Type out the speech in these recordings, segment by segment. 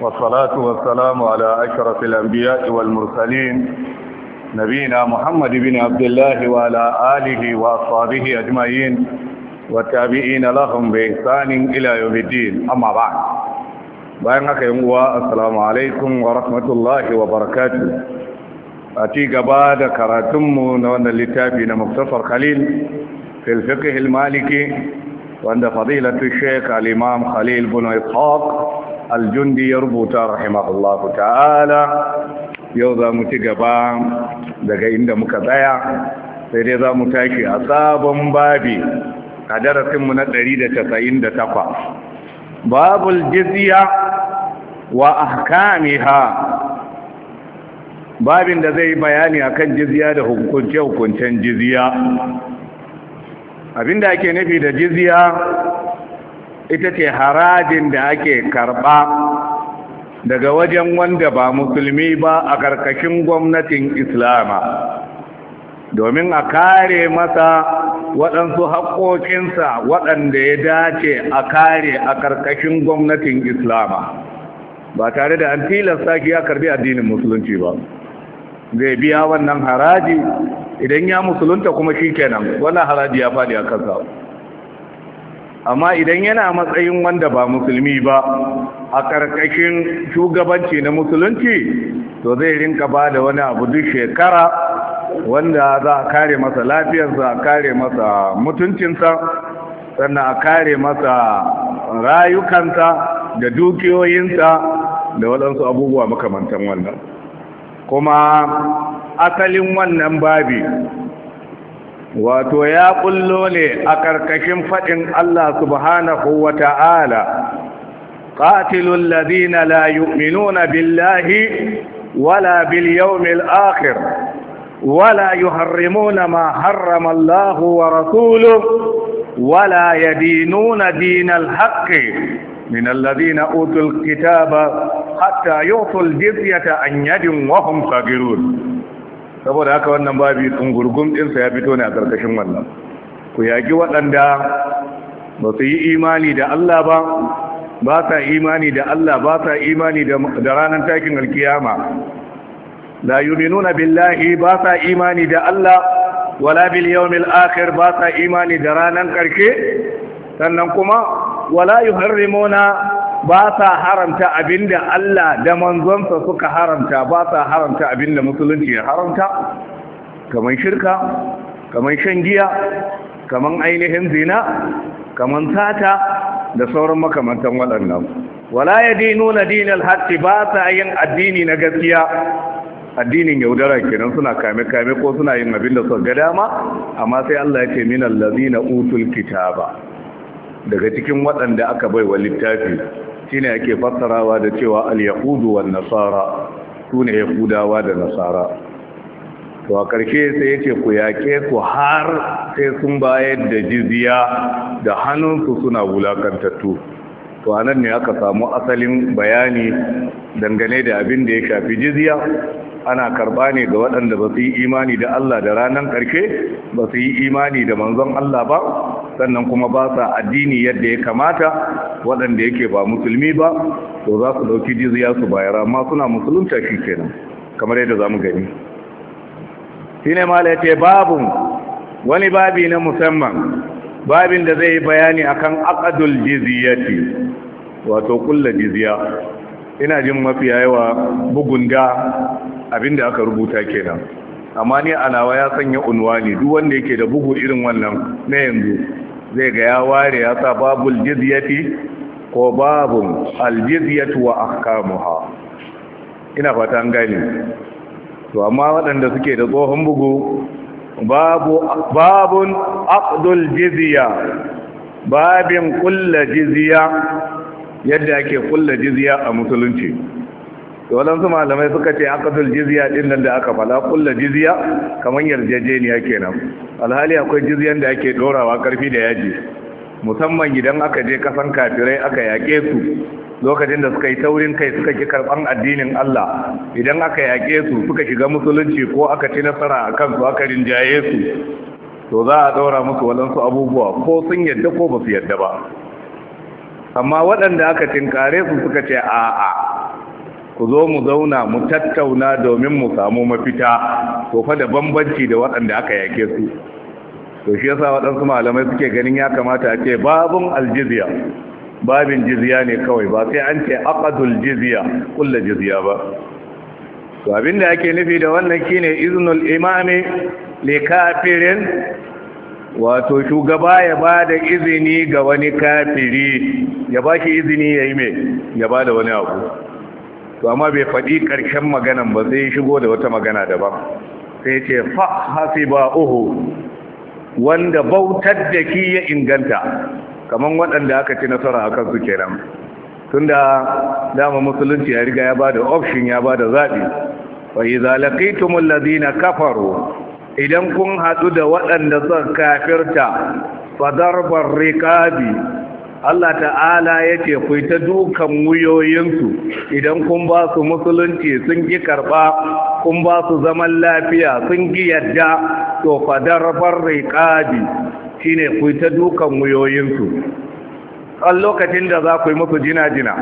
والصلاة والسلام على أشرف الأنبياء والمرسلين نبينا محمد بن عبد الله وعلى آله وأصحابه أجمعين والتابعين لهم بإحسان إلى يوم الدين أما بعد بينك يوم السلام عليكم ورحمة الله وبركاته أتيك بعد كراتم نون اللتابين مختصر خليل في الفقه المالكي wanda fadilatu sheik al khalil bin ishaq al-jundi ya rubuta rahimahullahu ta'ala yau za mu ci gaba daga inda muka tsaya sai dai za mu tashi a sabon babi a mu na 198 babul jizya wa ahkamiha babin da zai yi bayani akan jizya da hukunce-hukuncen jizya Abin da ake nufi da jiziya ita ce harajin da ake karba daga wajen wanda ba musulmi ba a karkashin gwamnatin islama domin a kare masa waɗansu haƙoƙinsa waɗanda ya dace a kare a karkashin gwamnatin islama ba tare da an tilasta ki ya karbi addinin musulunci ba zai biya wannan haraji idan ya musulunta kuma shi kenan wannan haraji ya faɗi a kansa amma idan yana matsayin wanda ba musulmi ba a ƙarƙashin shugabanci na musulunci to zai rinka ba da wani abu duk shekara wanda za a kare masa lafiyarsa a kare masa mutuncinsa sannan a kare masa rayukanta, da dukiyoyinsa da waɗansu abubuwa makamantan wannan kuma asalin wannan babi wato ya kullo ne a ƙarƙashin faɗin Allah subhanahu wa ta'ala ƙatilun lazina la yu'minuna billahi wala bil yawmil akhir wala yuharrimuna ma harrama Allah wa rasuluhu wala yadinuna dinal haqqi من الذين أوتوا الكتاب حتى يعطوا الجزية عن يد وهم صاغرون saboda haka wannan babi tsungurgun ɗinsa ya fito ne a karkashin wannan ku yaƙi waɗanda ba su yi imani da Allah ba ba sa imani da Allah ba sa imani da ranar takin alkiyama la yuminuna billahi ba sa imani da Allah wala bil yawmil akhir ba sa imani da ranar ƙarshe sannan kuma wala harrimona ba sa haramta abinda Allah da manzonsa suka haramta ba sa haramta abinda musulunci ya haramta Kamar shirka kamar shan giya kaman ainihin zina kaman sata da sauran makamantan waɗannan wala na dinal haqqi ba sa yin addini na gaskiya addinin yaudara kenan suna kame-kame ko suna yin abin da suka ga dama amma sai Allah ya ce minal ladina utul kitaba daga cikin waɗanda aka baiwa littafi shine ake fassarawa da cewa al-yahudu wan nasara sune yahudawa da nasara to a ƙarshe sai yace ku yaƙe ku har sai sun bayar da jizya da hannunsu suna wulakantattu to anan ne aka samu asalin bayani dangane da abin da ya shafi jizya ana karba ne ga waɗanda ba su yi imani da Allah da ranar ƙarshe ba su yi imani da manzon Allah ba sannan kuma ba sa addini yadda ya kamata waɗanda yake ba musulmi ba to za su ɗauki jiziya su bayar amma suna musulunta shi kenan kamar yadda za mu gani shi ne mala ce wani babi na musamman babin da zai yi bayani akan aqdul jizyati wato kulla jizya ina jin mafiya yawa bugun da Abin da aka rubuta kenan amma ni nawa ya sanya unwani duk wanda yake da bugu irin wannan na yanzu zai ga ya ware ya sa babul jizyati ko babun aljizyatu wa ahkamuha ina fata an to amma waɗanda suke da tsohon bugu babu babun aqdul jizya babin kullu jizya yadda ake kullu jizya a musulunci waɗansu malamai suka ce akasul jizya din nan da aka fala kulla jizya kamar yarjejeniya kenan alhali akwai jizyan da ake dorawa karfi da yaji musamman idan aka je kasan kafirai aka yaƙe su lokacin da suka yi taurin kai suka ki karɓan addinin Allah idan aka yaƙe su suka shiga musulunci ko aka ci nasara a kansu aka rinjaye su to za a ɗora musu waɗansu abubuwa ko sun yadda ko ba su yadda ba amma waɗanda aka tinkare su suka ce a'a ku zo mu zauna mu tattauna domin mu samu mafita ko fa da bambanci da waɗanda aka yake su to shi yasa waɗansu malamai suke ganin ya kamata a ce babun aljiziya babin jiziya ne kawai ba sai an ce aqadul jiziya kullu jiziya ba to abin abinda ake nufi da wannan shine iznul imami li kafirin wato shugaba ya ba da izini ga wani kafiri ya ba shi izini ya yi mai ya ba da wani abu to amma bai faɗi ƙarshen maganan ba sai shigo da wata magana daban sai ce fa hasiba uhu wanda bautar da ki ya inganta Kamar waɗanda aka ci nasara akan su kenan tunda dama musulunci ya riga ya bada option ya bada zabi fa idza laqitumul ladina kafaru idan kun haɗu da waɗanda zan kafirta fa darbar riqabi Allah ta'ala ya ce ta dukan wuyoyinsu idan kun ba su musulunci sun ki karɓa kun ba su zaman lafiya sun ki yadda to fadarfar riƙabi shi ne ta dukan wuyoyinsu a lokacin da za ku yi musu jina-jina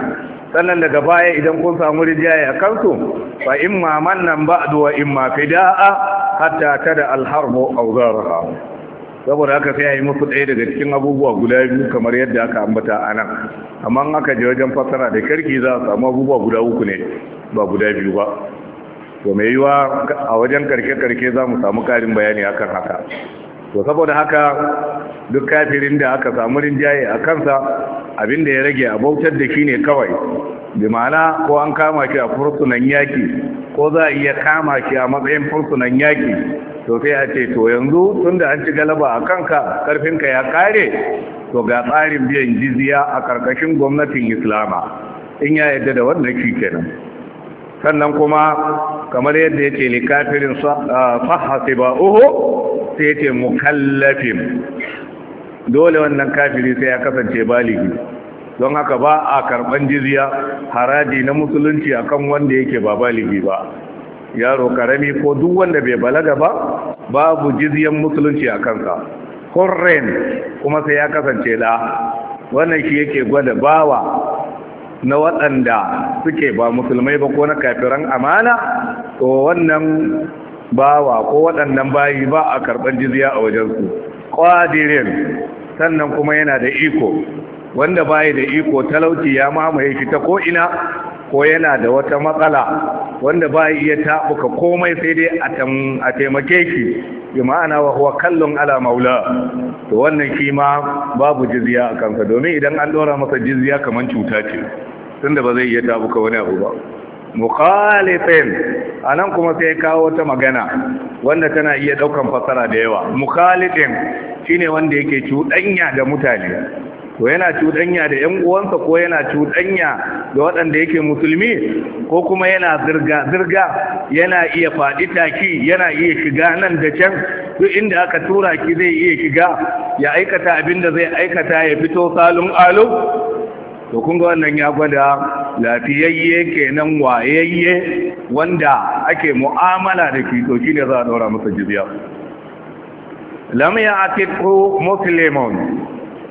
sannan daga baya idan kun samu rijiya a kansu fa in ma mannan ba'du wa in fida'a hatta tada alharbu auzaraha saboda haka sai a yi musu ɗaya daga cikin abubuwa guda biyu kamar yadda aka ambata a nan amma an aka je wajen fassara da karki za a samu abubuwa guda uku ne ba guda biyu ba to mai yiwa a wajen karke-karke za mu samu ƙarin bayani akan haka to saboda haka duk kafirin da aka samu rinjaye a kansa abinda ya rage a bautar da shi ne kawai bi ma'ana ko an kama shi a fursunan yaki ko za a iya kama shi a matsayin fursunan yaki to sai a ce to yanzu tunda an ci galaba a kanka karfinka ya kare to ga tsarin biyan jizya a karkashin gwamnatin islama in ya yadda da wannan shi kenan sannan kuma kamar yadda yake kafirin sahasi ba uhu sai ce mukallafin dole wannan kafiri sai ya kasance baligi don haka ba a karban jizya haraji na musulunci akan wanda yake ba baligi ba yaro karami ko duk wanda bai balaga ba babu jizyan musulunci a kansa Horren kuma sai ya kasance da wannan shi yake gwada bawa na waɗanda suke ba musulmai ba ko na kafiran amana to wannan bawa ko waɗannan bayi ba a karɓar jizya a wajensu ƙwadirin sannan kuma yana da iko wanda bayi da iko talauci ya mamaye shi ta ko'ina ko yana da wata matsala wanda ba iya tabuka komai sai dai a taimake ki, bi ma'ana wa huwa kallon ala maula to wannan shi babu jizya a kansa domin idan an dora masa jizya kamar cuta ce tunda ba zai iya tabuka wani abu ba mukhalifin anan kuma sai kawo wata magana wanda tana iya ɗaukan fasara da yawa mukhalifin shine wanda yake cuɗanya da mutane ko yana cuɗanya da ƴan uwansa ko yana cuɗanya da waɗanda yake musulmi ko kuma yana zirga-zirga yana iya faɗi taki yana iya shiga nan da can duk inda aka tura ki zai iya shiga ya aikata abin da zai aikata ya fito salun alu to kun ga wannan ya gwada lafiyayye kenan wayayye wanda ake mu'amala da shi to shine za a ɗora masa jizya lam ya muslimun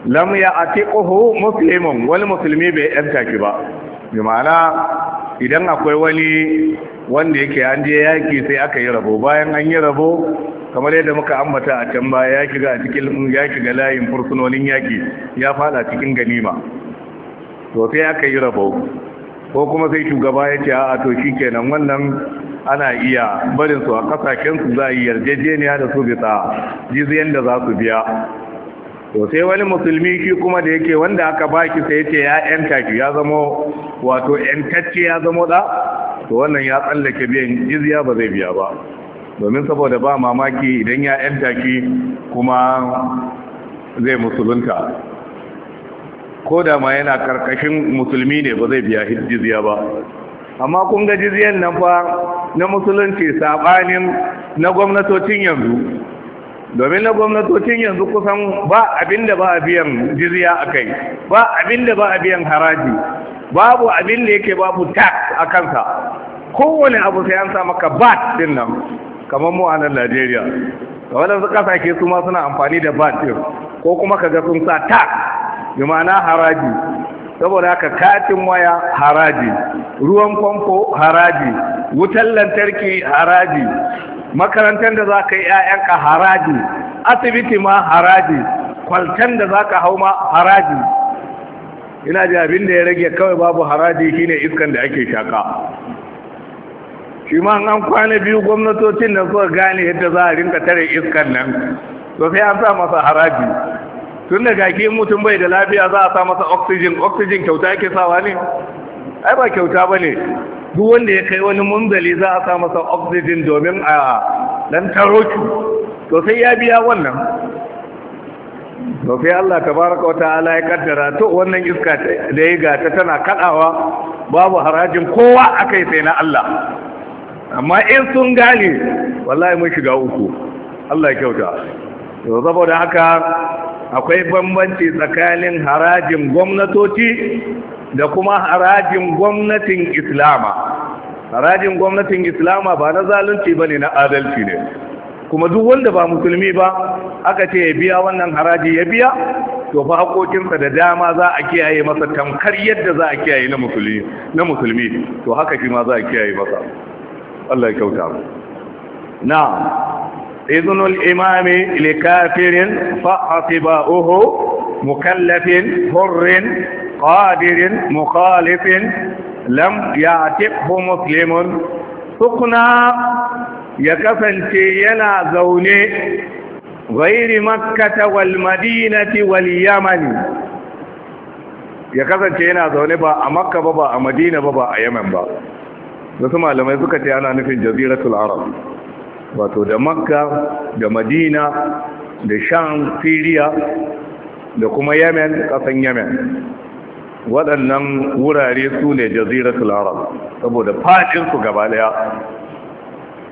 lam ya atiquhu muslimun wani musulmi bai yanta ki ba bi ma'ana idan akwai wani wanda yake an je yaki sai aka yi rabo bayan an yi rabo kamar yadda muka ambata a can baya ya shiga a cikin ya shiga layin fursunonin yaki ya fada cikin ganima to sai aka yi rabo ko kuma sai shugaba ya ce a to kenan, wannan ana iya barin su a kasashen su za a yi yarjejeniya da su bisa jiziyan da za su biya to sai wani musulmi shi kuma da yake wanda aka baki sai yace ya yanta shi ya zamo wato yantacce ya zama da to wannan ya tsallake biyan jizya ba zai biya ba domin saboda ba mamaki idan ya yanta shi kuma zai musulunta ko da ma yana karkashin musulmi ne ba zai biya jizya ba amma kun ga jizyan nan fa na musulunci sabanin na gwamnatocin yanzu domin na gwamnatocin yanzu kusan ba abin da ba a biyan jirya a kai ba abin da ba a biyan haraji babu abin da yake babu tax a kansa kowane abu sai an sa maka bat din nan kamar mu a nan Najeriya waɗansu ƙasashe su ma suna amfani da bat din ko kuma ka ga sun sa tax bi ma'ana haraji saboda haka katin waya haraji ruwan famfo haraji wutar lantarki haraji makarantar da za ka yi 'ya'yanka haraji asibiti ma haraji kwaltan da za ka hau ma haraji ina ji abin da ya rage kawai babu haraji shine iskan da ake shaka shi ma an kwana biyu gwamnatocin da suka gane yadda za a rinka tare iskan nan to sai an sa masa haraji tun da gaki mutum bai da lafiya za a sa masa oxygen oxygen kyauta yake sawa ne ai ba kyauta ba ne duk wanda ya kai wani munzali za a sa masa oxygen domin a dan taro to sai ya biya wannan to sai Allah tabaraka wataala ya kaddara to wannan iska da ya gata tana kadawa babu harajin kowa akai sai na Allah amma in sun gane wallahi mun shiga uku Allah ya kyauta to saboda haka akwai bambanci tsakanin harajin gwamnatoci da kuma harajin gwamnatin islama harajin gwamnatin islama ba na zalunci ba ne na adalci ne kuma duk wanda ba musulmi ba aka ce ya biya wannan haraji ya biya to fa haƙoƙinsa da dama za a kiyaye masa tamkar yadda za a kiyaye na musulmi to haka shi ma za a kiyaye masa Allah ya kyauta mu na'am إذن الإمام لكافر فأطباؤه مكلف حر قادر مخالف لم يعتقه مسلم سقنا يكفن تينا زوني غير مكة والمدينة واليمن يكفن تينا زوني با أمكة بابا أمدينة بابا أيمن بابا نسمع لما يزكت تينا في جزيرة العرب wato da makka da madina da sham siriya da kuma yemen kasan yemen waɗannan wurare su ne jaziratul arab saboda faɗinsu gaba daya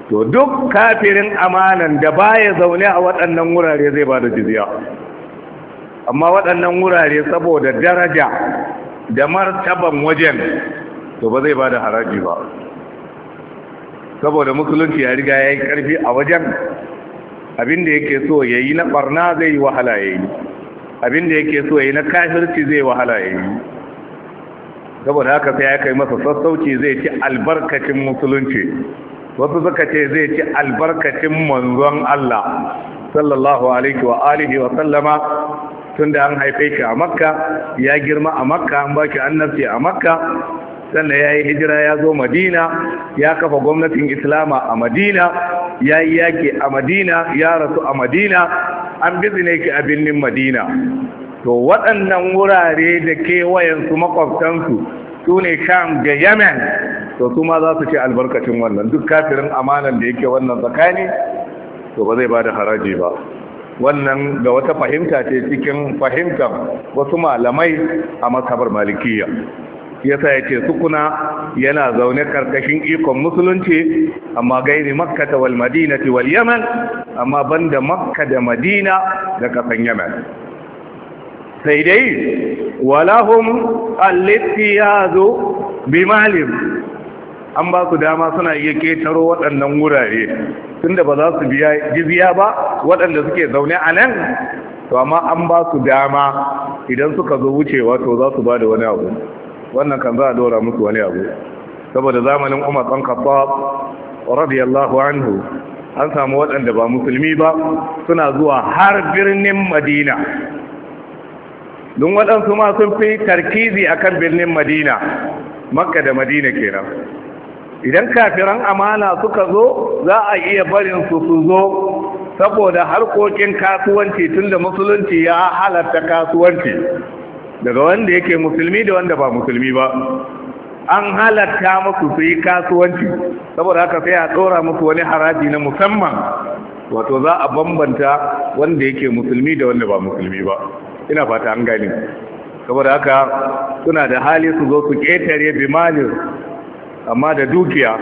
to duk kafirin amanan da baya zaune a waɗannan wurare zai ba da jiziya amma waɗannan wurare saboda daraja da martaban wajen to ba zai ba da haraji ba saboda musulunci ya riga ya yi ƙarfi a wajen abinda yake so ya yi na ɓarna zai yi wahala ya yi abinda yake so ya yi na kashirci zai wahala ya yi saboda haka sai ya kai masa sassauci zai ci albarkacin musulunci wasu suka ce zai ci albarkacin manzon Allah sallallahu alaihi wa alihi wa sallama tunda an haife ki a makka ya girma a makka an baki annabci a makka sannan ya yi hijira ya zo madina ya kafa gwamnatin islama a madina ya yi yaƙi a madina ya rasu a madina an bizine ki a birnin madina to waɗannan wurare da kewayensu makwabtansu su ne sham da yemen to su ma za su ce albarkacin wannan duk kafirin amanan da yake wannan tsakani to ba zai ba da haraji ba wannan ga wata fahimta ce cikin fahimtar wasu malamai a masabar malikiya Ya sa ya ce sukuna yana zaune karkashin ikon musulunci amma gairi makka ta wal ta wal yaman amma banda makka da madina da kasan yaman sai dai walahun alifi ya bi malim an ba su dama suna iya ketaro waɗannan wurare tun da ba za su biya jiziya ba waɗanda suke zaune a nan to amma an ba su dama idan suka zo wucewa to za su ba da wani abu wannan kan za a dora musu wani abu saboda zamanin umar ɗan khattab radiyallahu anhu an samu waɗanda ba musulmi ba suna zuwa har birnin madina don waɗansu ma sun fi tarkizi akan birnin madina makka da madina kenan idan kafiran amana suka zo za a iya barin su su zo saboda harkokin kasuwanci tun da musulunci ya halatta kasuwanci daga wanda yake musulmi da wanda ba musulmi ba an halatta muku su yi kasuwanci saboda haka sai a tsora muku wani haraji na musamman wato za a bambanta wanda yake musulmi da wanda ba musulmi ba ina fata an gani saboda haka suna da hali su zo su ƙetare bimanin amma da dukiya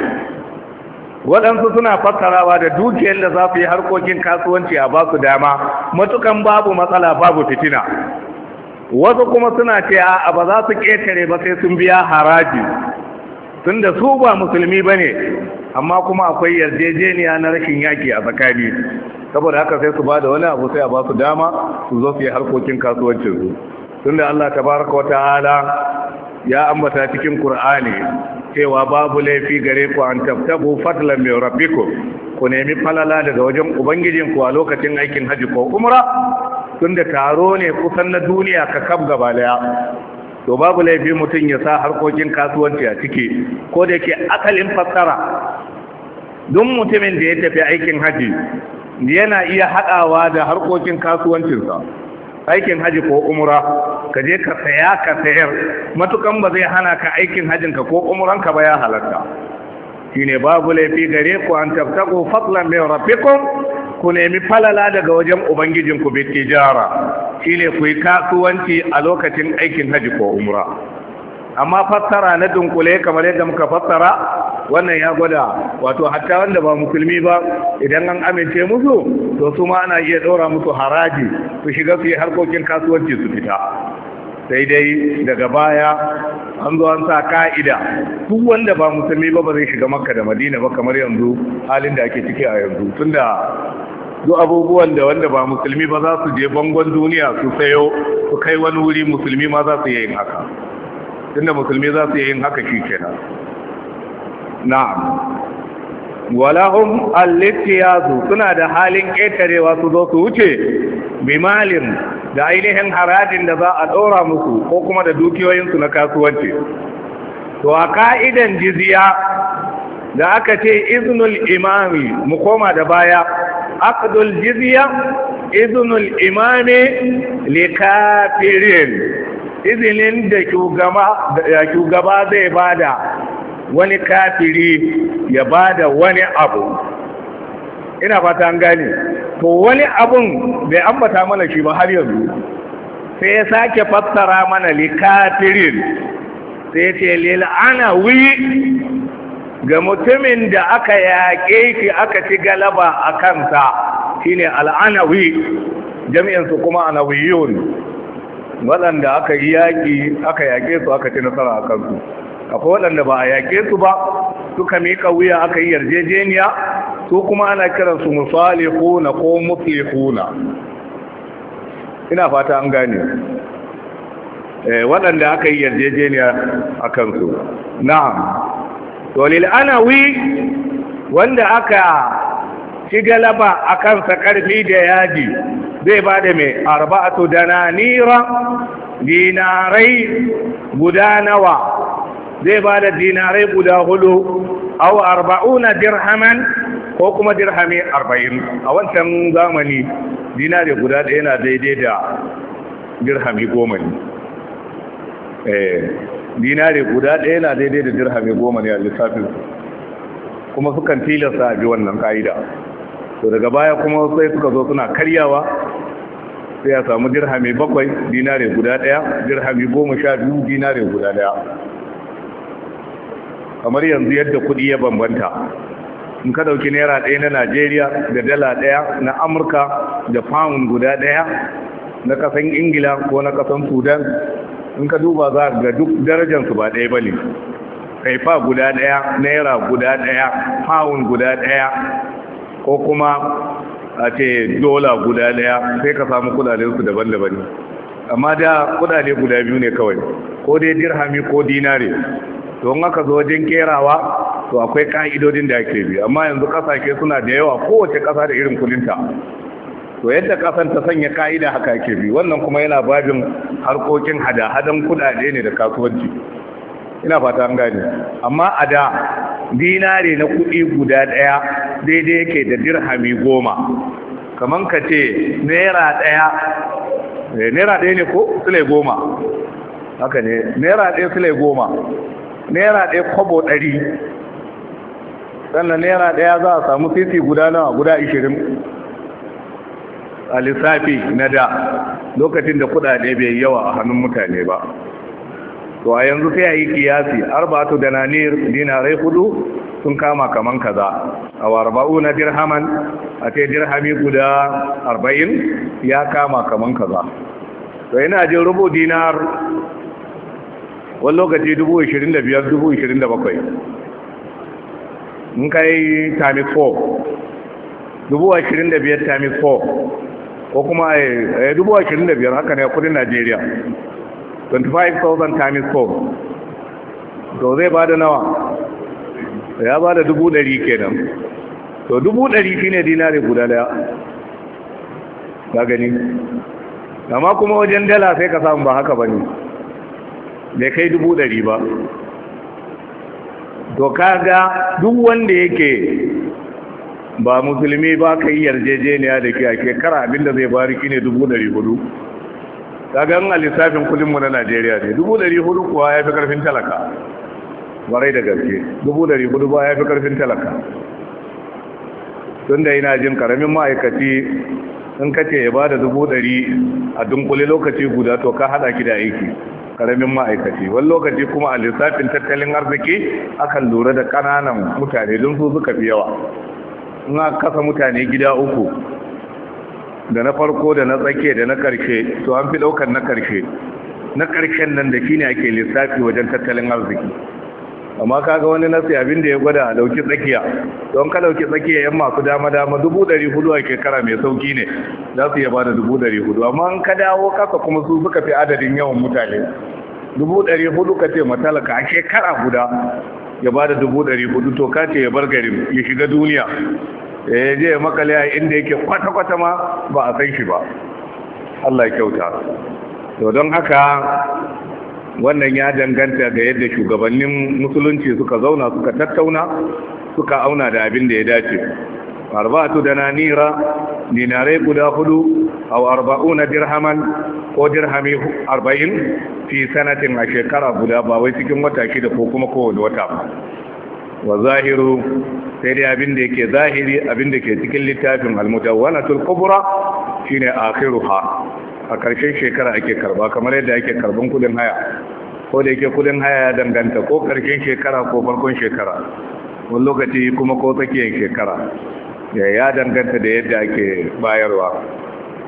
waɗansu suna fassarawa da dukiyar da za su yi harkokin kasuwanci a ba su dama matukan babu matsala babu fitina wasu kuma suna ce a ba za su ƙetare ba sai sun biya haraji tun da su ba musulmi ba ne amma kuma akwai yarjejeniya na rashin yaƙi a tsakani saboda haka sai su ba da wani abu sai a ba su dama su zo su yi harkokin kasuwancinsu tun da allah baraka wa ta'ala ya ambata cikin Kur'ani cewa babu laifi gare ku an tabtabu fatlan min rabbikum ku nemi falala daga wajen ubangijinku a lokacin aikin hajji ko umra tunda taro ne kusan na duniya ka kaf gaba daya to babu laifi mutum ya sa harkokin kasuwanci a ciki ko da ke asalin fassara duk mutumin da ya tafi aikin haji yana iya haɗawa da harkokin kasuwancinsa aikin haji ko umra kaje je ka saya ka sayar matukan ba zai hana ka aikin hajinka ko umranka ba ya halarta shine babu laifi gare ku an tabtaku fadlan min rabbikum ku nemi falala daga wajen ubangijinku bi tijara shine ku yi kasuwanci a lokacin aikin haji ko umra amma fassara na dunkule kamar yadda muka fassara wannan ya gwada wato hatta wanda ba musulmi ba idan an amince musu to su ma ana iya ɗora musu haraji su shiga su yi harkokin kasuwanci su fita sai dai daga baya an zo an sa ka'ida duk wanda ba musulmi ba ba zai shiga makka da madina ba kamar yanzu halin da ake ciki a yanzu tunda duk abubuwan da wanda ba musulmi ba za su je bangon duniya su sayo su kai wani wuri musulmi ma za su yi yin haka tunda musulmi za su yi yin haka shi nan na'am walahum al suna da halin ƙetarewa su zo su wuce bimalin da ainihin harajin da za a ɗora musu ko kuma da dukiyoyinsu na kasuwanci to a ka'idan jiziya da aka ce iznul imami mu koma da baya aqdul jizya iznul imami likafirin izinin da shugaba zai bada wani kafiri ya bada wani abu ina fata an gane to wani abun bai ambata mana shi ba har yanzu sai ya sake fassara mana likafirin. kafirin sai ce lil'ana wi ga mutumin da aka yaƙe shi aka ci galaba a kansa shi ne al'anawi jami'insu kuma anawiyun waɗanda aka yi yaƙi aka yaƙe su aka ci nasara a kansu akwai waɗanda ba a yaƙe su ba suka miƙa wuya aka yi yarjejeniya su kuma ana kiransu musalihuna ko muslihuna ina fata an gane eh, waɗanda aka yi yarjejeniya a kansu na'am to wi wanda aka ci galaba a kansa ƙarfi da yaji zai ba da mai arba'atu dananira dinarai guda nawa zai ba da dinarai guda hudu au arba'una dirhaman ko kuma dirhami arba'in a wancan zamani dinari guda ɗaya na daidai da dirhami goma ne eh. dinare guda ɗaya na daidai da dirhami goma ne a lissafin kuma sukan tilasta a bi wannan ka'ida to daga baya kuma sai suka zo suna karyawa sai a samu dirhami bakwai dinare guda ɗaya dirhami goma sha biyu dinare guda ɗaya kamar yanzu yadda kuɗi ya bambanta in ka ɗauki naira ɗaya na najeriya da dala ɗaya na amurka da pound guda ɗaya na ƙasan ingila ko na ƙasan sudan in ka duba za ga duk su ba ɗaya ba ne kaifa guda ɗaya naira guda ɗaya pound guda ɗaya ko kuma a ce dola guda ɗaya sai ka samu kudadensu daban-daban amma da kudade guda biyu ne kawai ko dai dirhami ko dinare don aka zo wajen kerawa to akwai ka'idodin da ake bi amma yanzu ƙasashe suna da yawa kowace ƙasa da irin kudinta to yadda kasan ta sanya ka'ida haka ke bi wannan kuma yana babin harkokin hada-hadan kudade ne da kasuwanci ina fata an gane amma a da dinare na kuɗi guda ɗaya daidai yake da dirhami goma Kamar ka ce naira ɗaya eh, naira ɗaya ne ko sule goma haka ne naira ɗaya sule goma naira ɗaya kwabo ɗari sannan naira ɗaya za a samu sisi guda nawa guda ishirin a lissafi na da lokacin da kudade bai yawa a hannun mutane ba to a yanzu sai a yi kiyasi arba'atu dananir dinarai hudu sun kama kaman kaza a warba'u na dirhaman a ce dirhami guda arba'in ya kama kaman kaza to yana jin rubu dinar wani lokaci dubu ishirin da biyar dubu da bakwai in kai times 4 dubu ashirin da biyar times 4 ko kuma ya eh, eh, dubu ashirin da biyar haka ne kudin najeriya 25,000 times 4 to zai ba da nawa ya ba da dubu dari kenan to dubu dari shine dinari guda daya ga gani amma kuma wajen dala sai ka samu ba haka ba ne da kai dubu dari ba to kaga duk wanda yake ba musulmi ba ka yi yarjejeniya da ke a shekara abinda zai bari ne dubu ɗari hudu gan a lissafin kudinmu na najeriya ne dubu ɗari hudu kuwa ya fi ƙarfin talaka warai da gaske dubu ɗari hudu ba ya fi ƙarfin talaka tun da ina jin ƙaramin ma'aikaci sun kace ya ba da dubu ɗari a dunkule lokaci guda to ka haɗa ki da aiki karamin ma'aikaci wani lokaci kuma a lissafin tattalin arziki akan lura da ƙananan mutane don su suka fi yawa na kasa mutane gida uku da na farko da na tsake da na karshe to an fi daukar na karshe na karshen nan da shi ne ake lissafi wajen tattalin arziki amma kaga wani nasi abin da ya gwada a dauki tsakiya don ka dauki tsakiya yan masu dama dama dubu dari hudu a shekara mai sauki ne za su iya ba da dubu dari hudu amma in ka dawo kasa kuma su suka fi adadin yawan mutane dubu dari hudu ka ce matalaka a shekara guda ya ba da dubu ɗari hudu to kace ya bar garin ya shiga duniya eh, ya je ya makale a inda yake kwata-kwata ma ba a san shi ba Allah ya kyauta to don haka wannan ya danganta ga yadda shugabannin musulunci suka zauna suka tattauna suka auna da abin da ya dace arba'atu dananira dinare guda hudu arba'u na dirhaman ko dirhami arba'in fi sanatin a shekara guda ba wai cikin wata shida ko kuma kowane wata ba wa zahiru sai dai abin da yake zahiri abin da ke cikin littafin almutawwalatul kubra shine akhiruha a karshen shekara ake karba kamar yadda ake karban kudin haya ko da yake kudin haya ya danganta ko karshen shekara ko farkon shekara wani lokaci kuma ko tsakiyar shekara ya danganta da yadda ake bayarwa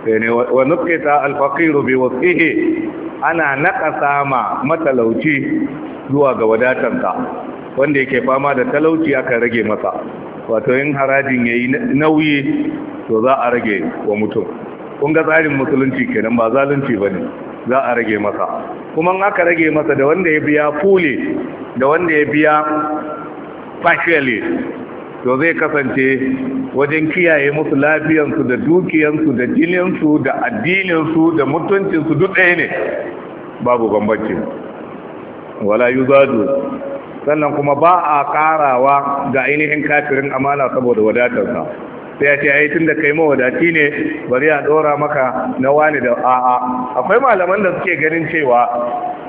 ne wa nukita alfaqiru bi wasihi ana naƙasa ma matalauci zuwa ga wadatansa wanda yake fama da talauci aka rage masa wato yin harajin yayi nauyi to za a rage wa mutum kun ga tsarin musulunci kenan ba zalunci bane za a rage masa kuma in aka rage masa da wanda ya biya fule da wanda ya biya partially to zai kasance wajen kiyaye musu lafiyansu da dukiyansu da jininsu da addininsu da mutuncinsu duk ɗaya ne babu bambanci wala yuzadu sannan kuma ba a karawa ga ainihin kafirin amana saboda wadatarsa sai ya ce ai tun da kai mawadaci ne bari a dora maka na wani da a'a akwai malaman da suke ganin cewa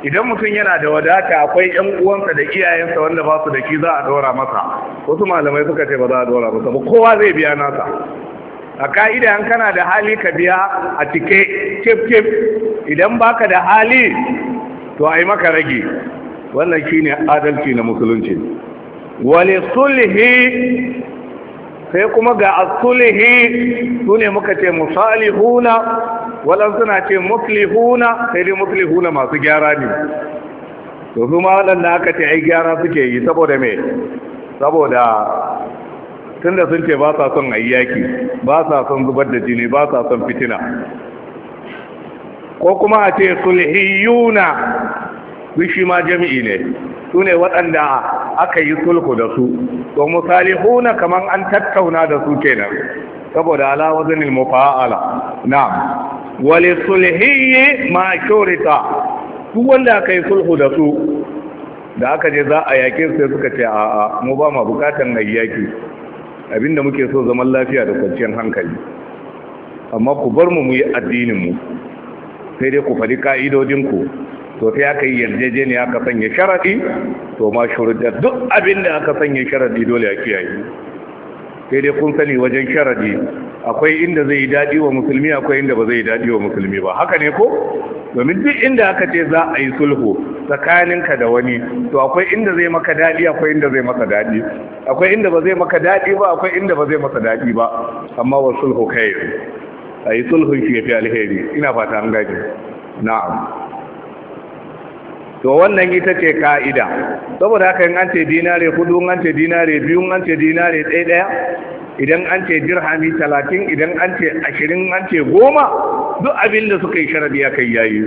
idan mutum yana da wadata akwai yan uwansa da iyayensa wanda ba su da shi za a dora masa wasu malamai suka ce ba za a dora masa ba kowa zai biya nasa a ka'ida an kana da hali ka biya a cike cif cif idan baka da hali to yi maka rage wannan shine adalci na musulunci wali sulhi sai kuma ga asulihi sune muka ce musalihuna waɗansu na ce muslihuna sai dai muslihuna masu gyara ne to su ma waɗanda aka ce ai gyara suke yi saboda me saboda tunda sun ce ba sa son ayyaki ba sa son zubar da jini ba sa son fitina ko kuma a ce sulhiyuna duk ma jami'i ne su ne waɗanda aka yi sulhu da su to huna kaman an tattauna da su kenan saboda ala wazanin mufa'ala na. wali sulhi ma shurita duk wanda aka yi sulhu da su da aka je za a yaƙe sai suka ce a mu ba ma bukatan ayyaki abinda muke so zaman lafiya da kwanciyar hankali amma ku bar mu mu yi addinin mu sai dai ku faɗi ku. to sai aka yi yarjejeniya aka sanya sharadi to ma shuruda duk abin da aka sanya sharadi dole a kiyaye sai dai kun sani wajen sharadi akwai inda zai yi daɗi wa musulmi akwai inda ba zai yi daɗi wa musulmi ba haka ne ko domin duk inda aka ce za a yi sulhu tsakaninka da wani to akwai inda zai maka daɗi akwai inda zai maka daɗi akwai inda ba zai maka daɗi ba akwai inda ba zai maka daɗi ba amma wa sulhu kai a yi sulhun shi ya fi alheri ina fata an gaji na'am to wannan ita ce ka'ida saboda haka an ce dinare hudu an ce dinare biyu an ce dinare ɗaya ɗaya idan an ce dirhami talatin idan an ce ashirin an ce goma duk abin da suka yi sharadi ya yi yayi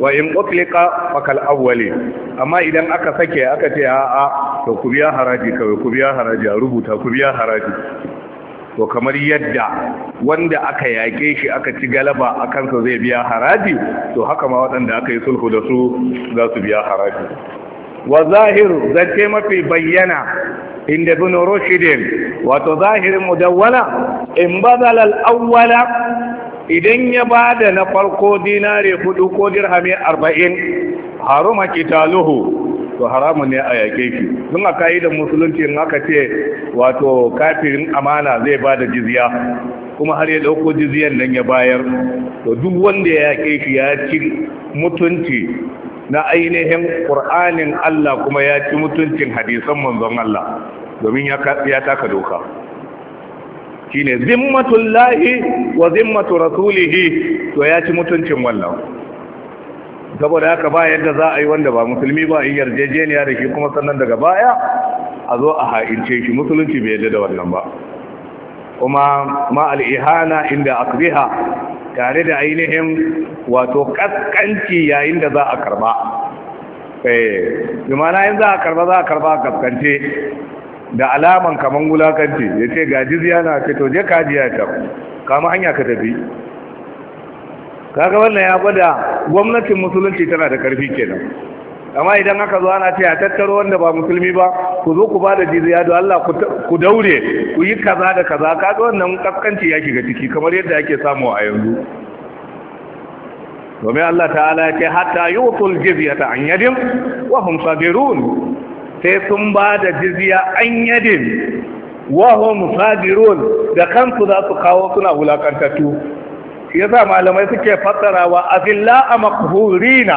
wa in utlika fakal awwali amma idan aka sake aka ce a'a to ku biya haraji kawai ku biya haraji a rubuta ku biya haraji to kamar yadda wanda aka yaƙe shi aka ci galaba a kansa zai biya haraji to haka ma waɗanda aka yi sulhu da su za su biya haraji wa zahiru zance mafi bayyana inda bin rushidin wato zahirin mudawwala in badala al idan ya ba da na farko dinare hudu ko dirhami arba'in haruma kitaluhu to haramun ne a yake shi sun a da musulunci in aka ce wato kafirin amana zai ba da jizya kuma har ya ɗauko jiziyan nan ya bayar to duk wanda ya yake shi ya ci mutunci na ainihin ƙur'anin Allah kuma ya ci mutuncin hadisan manzon Allah domin ya taka doka shine zimmatun lahi wa zimmatu rasulihi to ya ci mutuncin wannan saboda haka ba yadda za a yi wanda ba musulmi ba in yarjejeniya da shi kuma sannan daga baya a zo a ha'ince shi musulunci bai yadda da wannan ba kuma ma al'ihana inda akriha tare da ainihin wato kaskanci yayin da za a karba eh na yin za a karba za a karba a kaskance da alaman kamar wulakanci ya ce ga ziyana na ce to je kajiya ta kama hanya ka tafi kaga wannan ya gwada gwamnatin musulunci tana da karfi kenan amma idan aka zo ana ce a tattaro wanda ba musulmi ba ku zo ku bada da jizya Allah ku daure ku yi kaza da kaza Ka kaga wannan kaskanci ya shiga ciki kamar yadda ake samu a yanzu domin Allah ta'ala ya ce hatta yutul jizyata an yadin wa hum sabirun sai sun ba da an yadin wa hum sabirun da kansu za su kawo suna wulakantattu shi yasa malamai suke fassara wa azilla a makhurina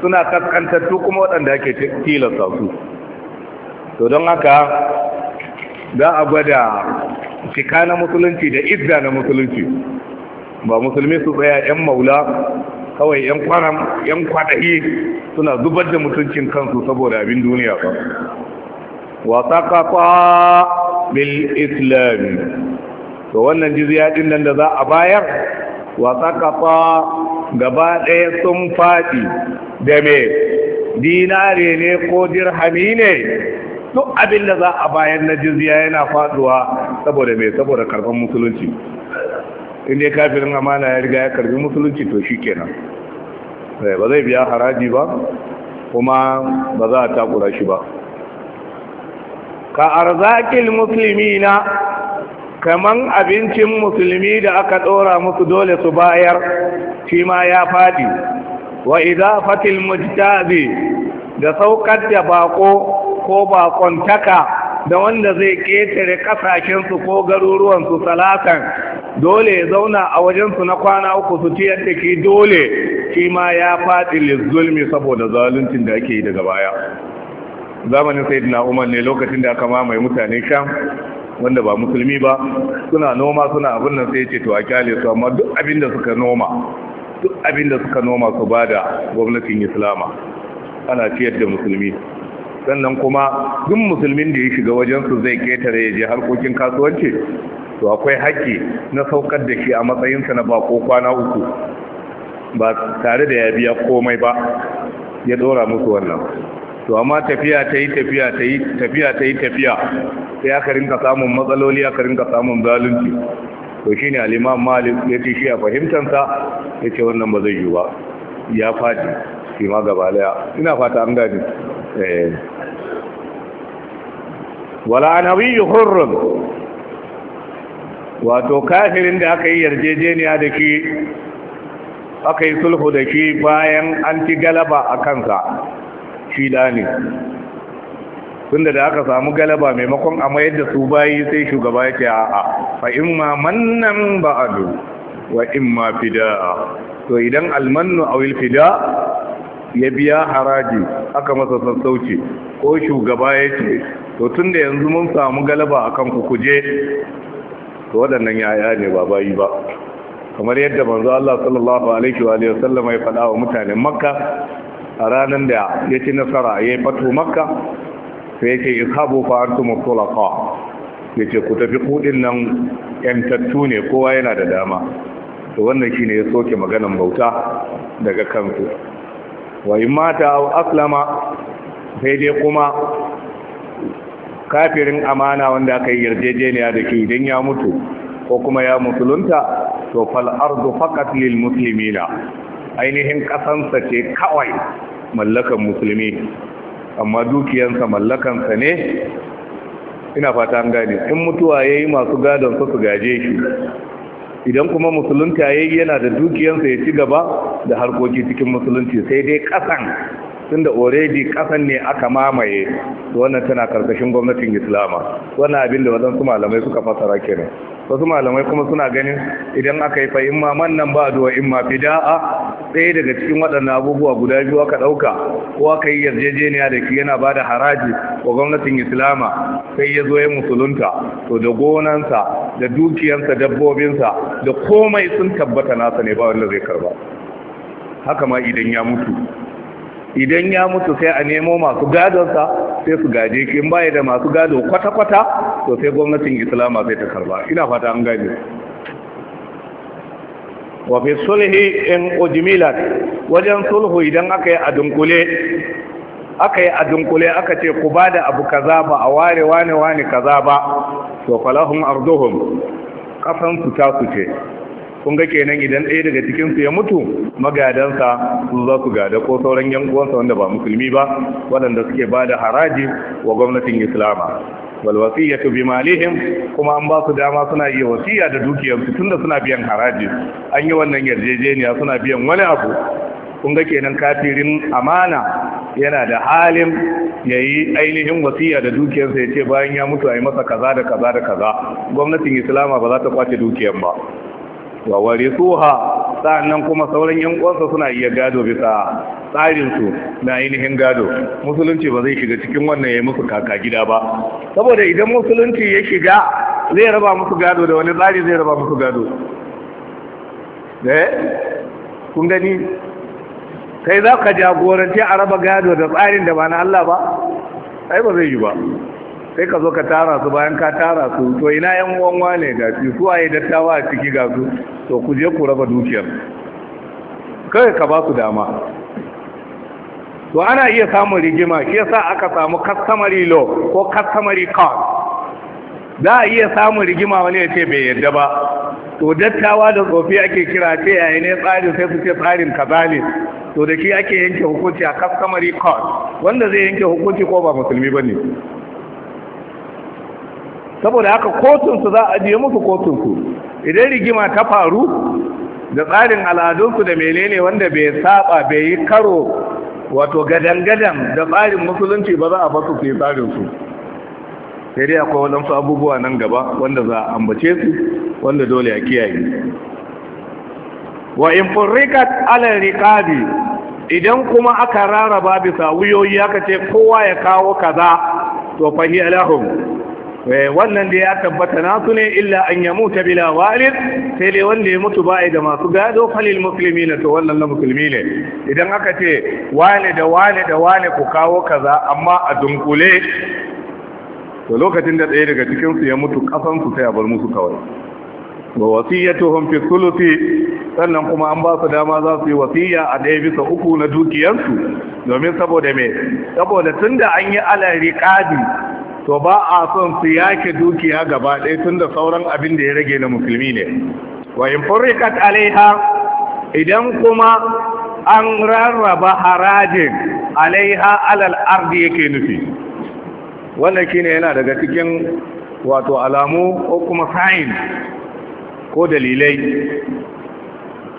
suna kaskantattu kuma waɗanda ake tilasta su to don haka za a gwada cika na musulunci da izza na musulunci ba musulmi su tsaya 'yan maula kawai 'yan kwanan 'yan suna zubar da mutuncin kansu saboda abin duniya ba wasa kafa bil islami to wannan jizya din nan da za a bayar wa saqata gaba ɗaya sun faɗi da me dinare ne ko dirhami ne duk abin da za a bayar na jizya yana faduwa saboda me saboda karɓar musulunci in ya kafirin amana ya riga ya karbi musulunci to shi kenan. Eh, ba zai biya haraji ba kuma ba za a takura shi ba ka arzakil musulmi kaman abincin musulmi da aka ɗora musu dole su bayar shi ma ya faɗi wa idafatil mujtazi da saukar da bako ko taka da wanda zai ƙetare ƙasashensu ko garuruwansu salatan dole ya zauna a wajensu na kwana uku su ciyar da ke dole shi ma ya faɗi lizzulmi saboda zaluncin da ake yi daga baya zamanin sayyidina umar ne lokacin da aka mamaye mutane sham wanda ba musulmi ba suna noma suna abin nan sai ce to a kyale su amma duk abin da suka noma duk abin da suka noma su ba da gwamnatin islama ana ciyar da musulmi sannan kuma duk musulmin da ya shiga wajensu zai ketare ya je harkokin kasuwanci to akwai haƙƙi na saukar da shi a matsayinsa na bako kwana uku ba tare da ya biya komai ba ya dora musu wannan to amma tafiya ta yi tafiya ta yi tafiya ta yi tafiya sai aka rinka samun matsaloli aka rinka samun zalunci to shi ne al'imam malik ya ce shi a fahimtansa ya ce wannan ba zai yi ba ya fadi shi ma gaba daya ina fata an gani eh. wala an abin yi hurrun wato kafirin da aka yi yarjejeniya da shi aka yi sulhu da shi bayan an ci galaba a kansa shi da ne tunda da aka samu galaba maimakon a mayar da su bayi sai shugaba ya ce a'a fa ma mannan ba'adu wa in ma fida'a to idan almannu awil fida ya biya haraji aka masa sassauci ko shugaba ya ce to tunda yanzu mun samu galaba akan ku kuje to waɗannan yaya ne ba bayi ba kamar yadda manzo Allah sallallahu alaihi wa alihi wasallam ya faɗa wa mutanen Makka a ranar da ya ci nasara ya yi fatu Makka sai yake ikhabu fa antum tulaqa yace ku tafi kudin nan yantattu ne kowa yana da dama to wannan shine ya soke maganan bauta daga kanku wa imma mata aslama sai dai kuma kafirin amana wanda aka yi yarjejeniya da ke idan ya mutu ko kuma ya musulunta to fal ardu faqat lil muslimina ainihin kasansa ce kawai mallakan musulmi amma dukiyansa mallakansa ne ina fata an gane in mutuwa ya yi masu gadon su su gaje shi idan kuma musulunta yayi yana da dukiyansa ya ci gaba da harkoki cikin musulunci sai dai kasan da oredi kasan ne aka mamaye wannan tana karkashin gwamnatin Islama wannan abin da wadansu malamai suka fasara kenan wasu malamai kuma suna ganin idan aka yi fahimma ma nan ba duwa in ma da'a. ɗaya daga cikin waɗannan abubuwa guda biyu aka ɗauka ko aka yi yarjejeniya da ke yana ba da haraji wa gwamnatin islama sai ya zo ya musulunta to da gonansa da dukiyansa dabbobinsa da komai sun tabbata nasa ne ba wanda zai karba haka ma idan ya mutu idan ya mutu sai a nemo masu gadonsa sai su gaje ke in baya da masu gado kwata-kwata to sai gwamnatin islama sai ta karba ina fata an gaje wa sulhi in ujmilat wajen sulhu idan aka yi a dunkule aka yi adunkule aka ce ku ba da abu kaza ba a ware wane wane kaza ba to falahun arduhun kasan su ta su ce kun ga kenan idan ɗaya daga cikin su ya mutu magadansa su za su gada ko sauran yan uwansa wanda ba musulmi ba waɗanda suke ba da haraji wa gwamnatin islama wal wasiyatu bi malihim kuma an ba su dama suna iya wasiya da dukiyarsu tunda suna biyan haraji an yi wannan yarjejeniya suna biyan wani abu kun ga kenan kafirin amana yana da halin ya yi ainihin wasiya da dukiyarsa ya ce bayan ya mutu a yi masa kaza da kaza da kaza gwamnatin islama ba za ta kwace dukiyar ba wa warisuha sa'annan kuma sauran yan uwansa suna iya gado bisa tsarin su na ainihin gado musulunci ba zai shiga cikin wannan ya musu kaka gida ba saboda idan musulunci ya shiga zai raba musu gado da wani tsari zai raba musu gado eh kun gani kai za ka jagoranci a raba gado da tsarin da ba na Allah ba ai ba zai yi ba sai ka zo ka tara su bayan ka tara su to ina yan uwan wane ga su su waye dattawa a ciki ga su to ku je ku raba dukiyar kai ka ba su dama to ana iya samun rigima shi yasa aka samu customary law ko customary court za a iya samun rigima wani ya ce bai yadda ba to dattawa da tsofi ake kira ce yi ne tsarin sai su ce tsarin kaza ne to da shi ake yanke hukunci a customary court wanda zai yanke hukunci ko ba musulmi ba ne? saboda haka kotunsu za a ajiye musu kotunsu idan rigima ta faru da tsarin al'adunsu da menene wanda bai saba bai yi karo wato gadangadan da tsarin musulunci ba za a fasu su yi tsarinsu sai dai akwai waɗansu abubuwa nan gaba wanda za a ambace su wanda dole a kiyaye wa in furrikat ala riqabi idan kuma aka rarraba bisa wuyoyi aka ce kowa ya kawo kaza to fahi alahum Eh, wannan da ya tabbata nasu ne illa an ya mutu bila walid sai dai wanda ya mutu bai da masu gado falil musulmi na to wannan na musulmi ne idan aka ce wane da wane da wane ku kawo kaza amma a dunkule to lokacin da daya daga cikinsu ya mutu ƙasansu sai a bar musu kawai wa wasiyatuhum fi thuluthi sannan kuma an ba su dama za su yi wasiya a ɗaya bisa uku na dukiyarsu domin saboda me saboda tunda an yi alari to ba a son su yake dukiya gaba ɗaya tun da sauran abin da ya rage na musulmi ne wa in furikat alaiha idan kuma an rarraba harajin alaiha alal ardi yake nufi wannan shine yana daga cikin wato alamu ko kuma sign ko dalilai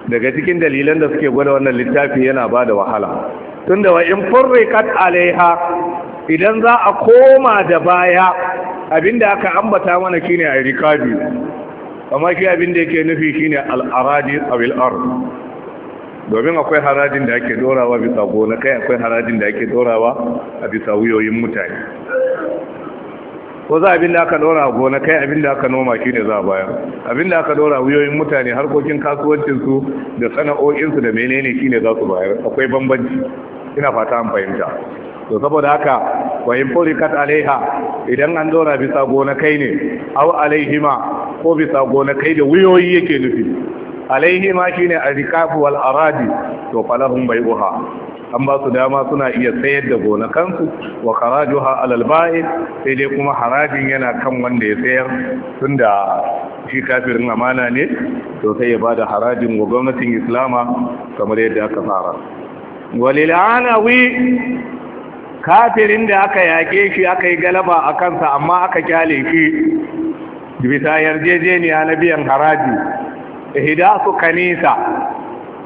daga cikin dalilan da suke gwada wannan littafi yana ba da wahala tunda wa in furrikat alaiha idan za a koma da baya abinda aka ambata mana shine a rikabi amma shi abinda yake nufi shine al'aradi a wil'ar, domin akwai harajin da ake dorawa bisa gona kai akwai harajin da ake dorawa a bisa wuyoyin mutane ko za abin da aka dora a gona kai abin da aka noma shi ne za a bayan. abin da aka dora wuyoyin mutane harkokin kasuwancinsu da sana'o'insu da menene shi ne za su bayar akwai bambanci ina fata an fahimta to saboda haka wa in furikat alaiha idan an dora bisa kai ne aw alaihima ko bisa kai da wuyoyi yake nufi alaihima shine arikaf wal aradi to falahum bayuha an ba su dama suna iya sayar da gonakansu wa karajuha alal ba'in sai dai kuma harajin yana kan wanda ya sayar tunda shi kafirin amana ne to sai ya bada harajin wa gwamnatin islama kamar yadda aka fara walil anawi kafirin da aka yaƙe shi aka yi galaba a kansa amma aka kyale shi bisa yarjejeniya na biyan haraji ihda su kanisa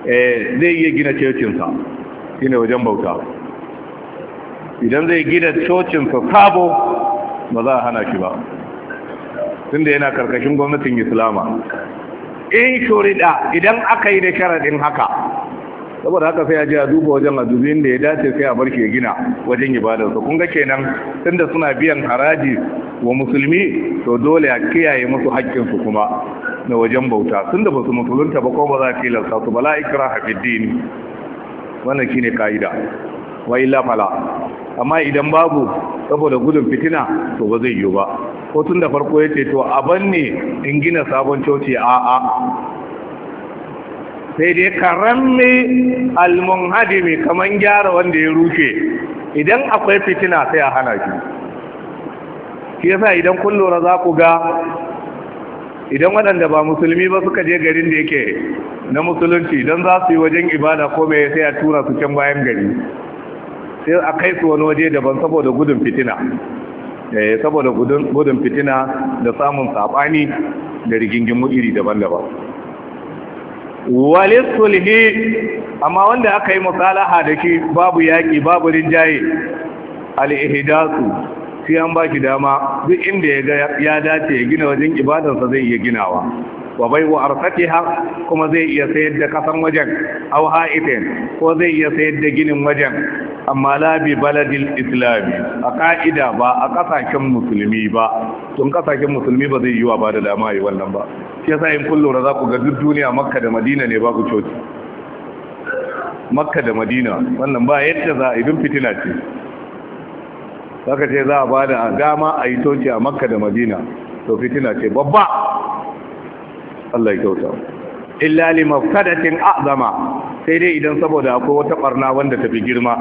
eh, zai iya gina cocinsa shine wajen bauta idan zai gina cocinsa sabo ba za a hana shi ba tunda yana karkashin gwamnatin islama in shurida idan aka yi da sharaɗin haka saboda haka sai a ji a duba wajen a dubi inda ya dace sai a barke gina wajen su kun ga kenan tunda suna biyan haraji wa musulmi to dole a kiyaye musu su kuma na wajen bauta tunda ba su musulunta ba ko ba za a tilasta su bala ikra dini wannan shine ka'ida wa illa fala amma idan babu saboda gudun fitina to ba zai yiwu ba ko tun da farko yace, to a banne in gina sabon coci a a sai dai karammi mai kamar gyara wanda ya rushe idan akwai fitina sai a hana shi shi yasa idan kun lura za ku ga idan waɗanda ba musulmi ba suka je garin da yake na musulunci idan za su yi wajen ibada ko mai sai a tura su can bayan gari sai a kai su wani waje daban saboda gudun fitina eh, saboda gudun fitina da samun saɓani da rigingimu iri daban-daban walisulhi amma wanda aka yi musalaha da shi babu yaƙi babu rinjaye al'ihdasu sai an baki dama duk inda ya ya dace ya gina wajen ibadarsa zai iya ginawa wa wa arsatiha kuma zai iya sayar da kasan wajen aw ha'itin ko zai iya sayar da ginin wajen amma la bi baladil islami a ka'ida ba a kasashen musulmi ba tun kasashen musulmi ba zai yi wa ba da dama yi wannan ba shi yasa in kun lura za ku ga duk duniya makka da madina ne ba ku coci makka da madina wannan ba yadda za a ibin fitina ce saka ce za a ba da dama a yi coci a makka da madina to fitina ce babba Allah ya kyauta illa li mafkadatin a'zama sai dai idan saboda akwai wata barna wanda tafi girma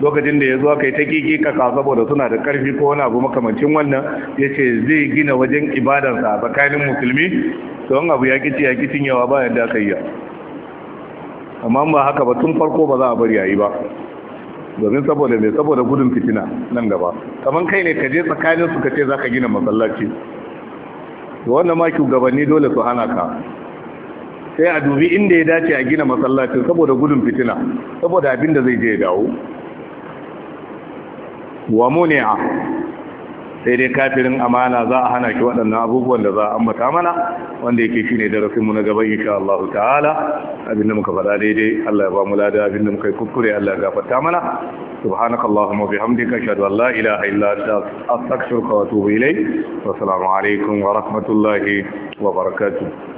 lokacin da ya zo kai ta kiki ka saboda suna da karfi ko wani abu makamancin wannan ya ce zai gina wajen ibadansa tsakanin musulmi to wani abu ya kici ya kicin yawa ba yadda aka yi amma ba haka ba tun farko ba za a bari a yi ba domin saboda mai saboda gudun fitina nan gaba kamar kai ne ka je tsakanin su ka ce za ka gina masallaci to wanda ma shugabanni dole su hana ka sai a dubi inda ya dace a gina masallacin saboda gudun fitina saboda abin da zai je ya dawo wa muni'a sai dai kafirin amana za a hana shi waɗannan abubuwan da za a ambata mana wanda yake shine darasin mu na gaba insha Allah ta'ala abin da muka faɗa daidai Allah ya ba mu lada da muka yi kuskure Allah ya gafarta mana سبحانك اللهم وبحمدك اشهد ان لا اله الا انت استغفرك واتوب اليك والسلام عليكم ورحمه الله وبركاته